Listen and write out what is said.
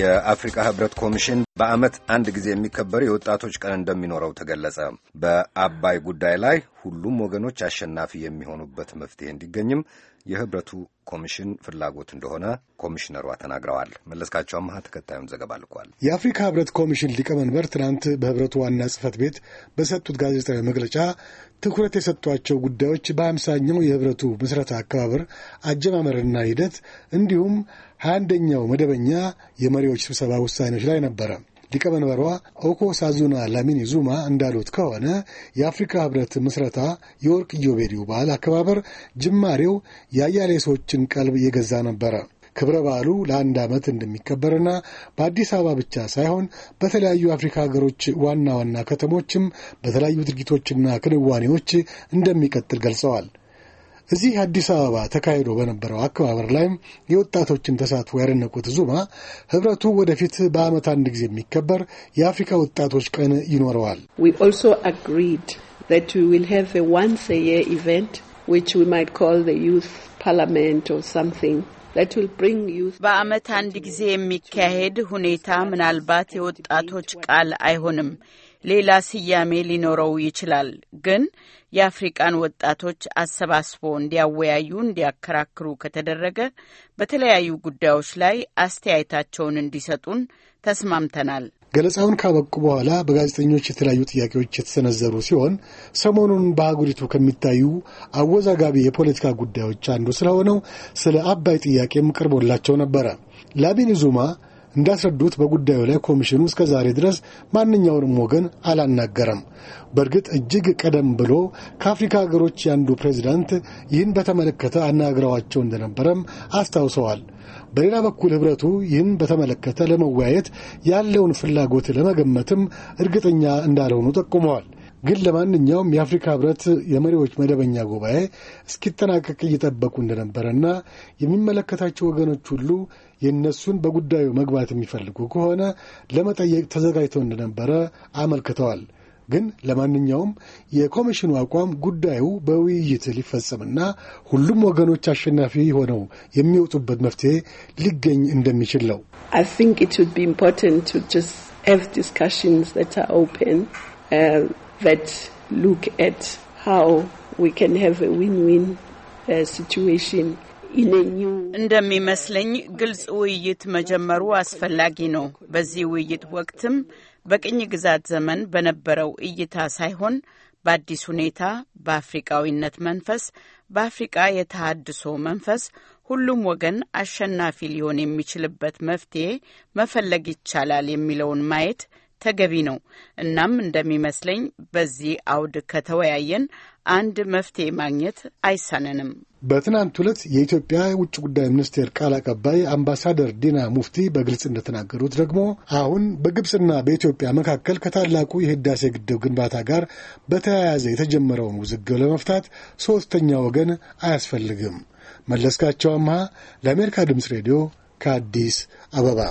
የአፍሪካ ህብረት ኮሚሽን በዓመት አንድ ጊዜ የሚከበር የወጣቶች ቀን እንደሚኖረው ተገለጸ። በአባይ ጉዳይ ላይ ሁሉም ወገኖች አሸናፊ የሚሆኑበት መፍትሄ እንዲገኝም የህብረቱ ኮሚሽን ፍላጎት እንደሆነ ኮሚሽነሯ ተናግረዋል። መለስካቸው አመሃ ተከታዩን ዘገባ ልኳል። የአፍሪካ ህብረት ኮሚሽን ሊቀመንበር ትናንት በህብረቱ ዋና ጽህፈት ቤት በሰጡት ጋዜጣዊ መግለጫ ትኩረት የሰጧቸው ጉዳዮች በአምሳኛው የህብረቱ ምስረታ አከባበር አጀማመርና ሂደት እንዲሁም ሀያ አንደኛው መደበኛ የመሪዎች ስብሰባ ውሳኔዎች ላይ ነበረ። ሊቀመንበሯ ኦኮ ሳዙና ላሚኒ ዙማ እንዳሉት ከሆነ የአፍሪካ ህብረት ምስረታ የወርቅ ኢዮቤልዩ በዓል አከባበር ጅማሬው የአያሌ ሰዎችን ቀልብ የገዛ ነበረ። ክብረ በዓሉ ለአንድ ዓመት እንደሚከበርና በአዲስ አበባ ብቻ ሳይሆን በተለያዩ የአፍሪካ ሀገሮች ዋና ዋና ከተሞችም በተለያዩ ድርጊቶችና ክንዋኔዎች እንደሚቀጥል ገልጸዋል። እዚህ አዲስ አበባ ተካሂዶ በነበረው አከባበር ላይም የወጣቶችን ተሳትፎ ያደነቁት ዙማ ህብረቱ ወደፊት በዓመት አንድ ጊዜ የሚከበር የአፍሪካ ወጣቶች ቀን ይኖረዋል። ፓርላመንት በዓመት አንድ ጊዜ የሚካሄድ ሁኔታ ምናልባት የወጣቶች ቃል አይሆንም፣ ሌላ ስያሜ ሊኖረው ይችላል። ግን የአፍሪቃን ወጣቶች አሰባስቦ እንዲያወያዩ፣ እንዲያከራክሩ ከተደረገ በተለያዩ ጉዳዮች ላይ አስተያየታቸውን እንዲሰጡን ተስማምተናል። ገለጻውን ካበቁ በኋላ በጋዜጠኞች የተለያዩ ጥያቄዎች የተሰነዘሩ ሲሆን ሰሞኑን በአህጉሪቱ ከሚታዩ አወዛጋቢ የፖለቲካ ጉዳዮች አንዱ ስለሆነው ስለ አባይ ጥያቄም ቀርቦላቸው ነበረ ላቢን ዙማ እንዳስረዱት በጉዳዩ ላይ ኮሚሽኑ እስከ ዛሬ ድረስ ማንኛውንም ወገን አላናገረም። በእርግጥ እጅግ ቀደም ብሎ ከአፍሪካ ሀገሮች ያንዱ ፕሬዚዳንት ይህን በተመለከተ አናግረዋቸው እንደነበረም አስታውሰዋል። በሌላ በኩል ህብረቱ ይህን በተመለከተ ለመወያየት ያለውን ፍላጎት ለመገመትም እርግጠኛ እንዳልሆኑ ጠቁመዋል። ግን ለማንኛውም የአፍሪካ ህብረት የመሪዎች መደበኛ ጉባኤ እስኪጠናቀቅ እየጠበቁ እንደነበረና የሚመለከታቸው ወገኖች ሁሉ የእነሱን በጉዳዩ መግባት የሚፈልጉ ከሆነ ለመጠየቅ ተዘጋጅተው እንደነበረ አመልክተዋል። ግን ለማንኛውም የኮሚሽኑ አቋም ጉዳዩ በውይይት ሊፈጸምና ሁሉም ወገኖች አሸናፊ ሆነው የሚወጡበት መፍትሄ ሊገኝ እንደሚችል ነው። that look at how we can have a win-win uh, situation እንደሚመስለኝ ግልጽ ውይይት መጀመሩ አስፈላጊ ነው። በዚህ ውይይት ወቅትም በቅኝ ግዛት ዘመን በነበረው እይታ ሳይሆን በአዲስ ሁኔታ በአፍሪቃዊነት መንፈስ፣ በአፍሪቃ የተሃድሶ መንፈስ ሁሉም ወገን አሸናፊ ሊሆን የሚችልበት መፍትሄ መፈለግ ይቻላል የሚለውን ማየት ተገቢ ነው። እናም እንደሚመስለኝ በዚህ አውድ ከተወያየን አንድ መፍትሄ ማግኘት አይሳነንም። በትናንት ሁለት የኢትዮጵያ የውጭ ጉዳይ ሚኒስቴር ቃል አቀባይ አምባሳደር ዲና ሙፍቲ በግልጽ እንደተናገሩት ደግሞ አሁን በግብፅና በኢትዮጵያ መካከል ከታላቁ የህዳሴ ግድብ ግንባታ ጋር በተያያዘ የተጀመረውን ውዝግብ ለመፍታት ሦስተኛ ወገን አያስፈልግም። መለስካቸው አምሃ ለአሜሪካ ድምፅ ሬዲዮ ከአዲስ አበባ